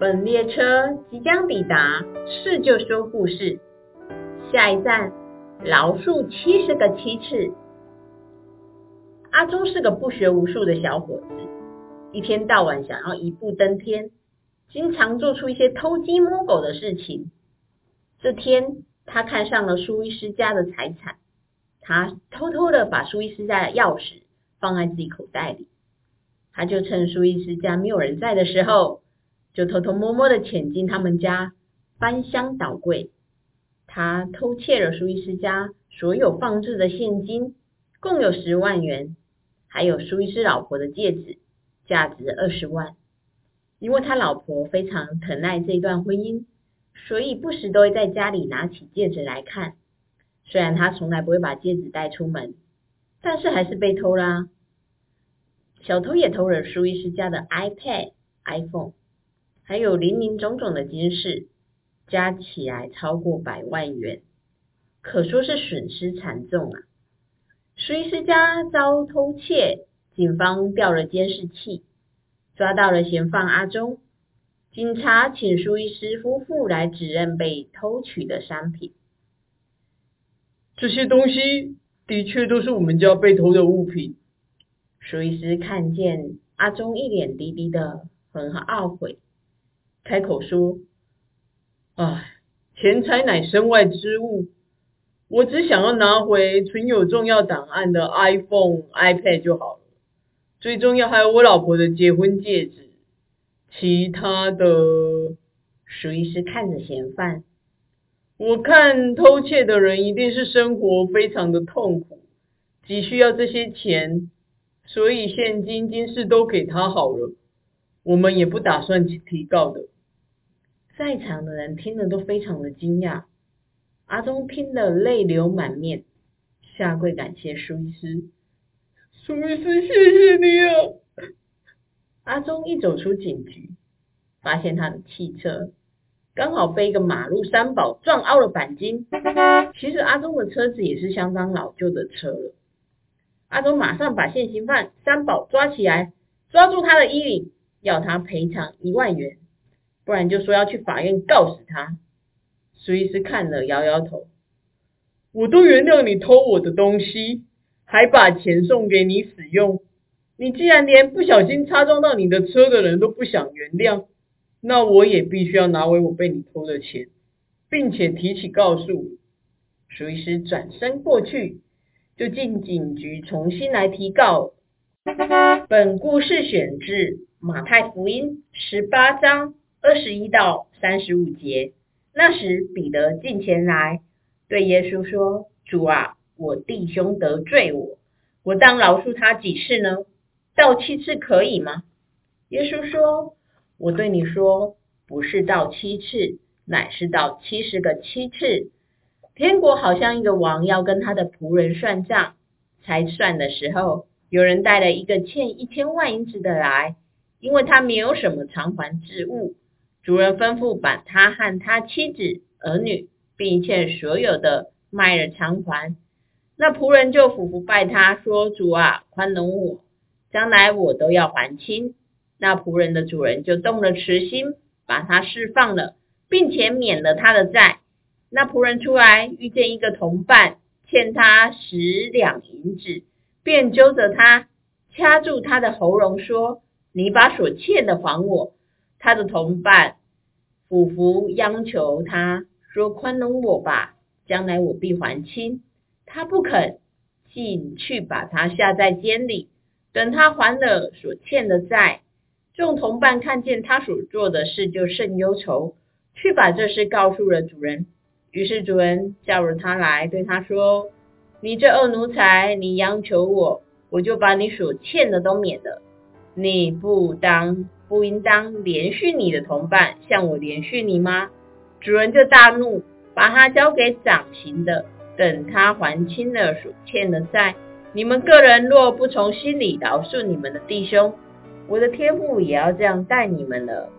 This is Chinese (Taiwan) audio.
本列車即將抵達，事就說故事。下一站，饒恕七十個七次。阿忠是個不學無術的小伙子，一天到晚想要一步登天，經常做出一些偷雞摸狗的事情。這天，他看上了舒伊斯家的財產，他偷偷的把舒伊斯家的鑰匙放在自己口袋裡，他就趁舒伊斯家沒有人在的時候，就偷偷摸摸的潛進他們家，翻箱倒櫃。他偷竊了舒醫師家所有放置的現金，共有十萬元，還有舒醫師老婆的戒指，價值二十萬。因為他老婆非常疼愛這段婚姻，所以不時都會在家裡拿起戒指來看。雖然他從來不會把戒指帶出門，但是還是被偷啦，啊。小偷也偷了舒醫師家的 iPad、iPhone。還有林林總總的金飾，加起來超過百萬元，可說是損失慘重啊！舒醫師家遭偷竊，警方調了監視器，抓到了嫌犯阿中。警察請舒醫師夫婦來指認被偷取的商品。這些東西的確都是我們家被偷的物品。舒醫師看見阿中，一臉低低的，很和懊悔，開口說：“啊，錢財乃身外之物，我只想要拿回存有重要檔案的 iPhone、iPad 就好了。最重要還有我老婆的結婚戒指。其他的，屬於是看着嫌犯。我看偷竊的人一定是生活非常的痛苦，急需要這些錢，所以現金、金飾都給他好了。我們也不打算提提告的。”在場的人聽得都非常的驚訝，阿忠聽得淚流滿面，下跪感謝蘇律師。蘇律師，謝謝你啊！阿忠一走出警局，發現他的汽車剛好被一個馬路三寶撞凹了鈑金。其實阿忠的車子也是相當老舊的車了。阿忠馬上把現行犯三寶抓起來，抓住他的衣領，要他賠償一萬元。不然就說要去法院告死他。蘇醫師看了，搖搖頭。我都原諒你偷我的東西，還把錢送給你使用。你既然連不小心擦撞到你的車的人都不想原諒，那我也必須要拿回我被你偷的錢，並且提起告訴我。蘇醫師轉身過去，就進警局重新來提告。本故事選自《馬太福音》十八章，二十一到三十五節，那時彼得進前來，對耶穌說：“主啊，我弟兄得罪我，我當饒恕他幾次呢？到七次可以嗎？”耶穌說：“我對你說，不是到七次，乃是到七十個七次。天國好像一個王要跟他的僕人算賬，才算的時候，有人帶了一個欠一千萬銀子的來，因為他沒有什麼償還之物。”主人吩咐把他和他妻子、兒女，並欠所有的賣了償還。那僕人就俯伏拜他，說：“主啊，寬容我，將來我都要還清。”那僕人的主人就動了慈心，把他釋放了，並且免了他的債。那僕人出來，遇見一個同伴欠他十兩銀子，便揪着他，掐住他的喉嚨，說：“你把所欠的還我。”他的同伴俯伏央求他說：“寬容我吧，將來我必還清。”他不肯，竟去把他下在監裡，等他還了所欠的債。眾同伴看見他所做的事，就甚憂愁，去把這事告訴了主人。於是主人叫了他來，對他說：“你這惡奴才，你央求我，我就把你所欠的都免了。你不當。”不應當憐恤你的同伴，像我憐恤你嗎？主人就大怒，把他交給掌刑的。等他還清了所欠的債，你們各人若不從心裡饒恕你們的弟兄，我的天父也要這樣待你們了。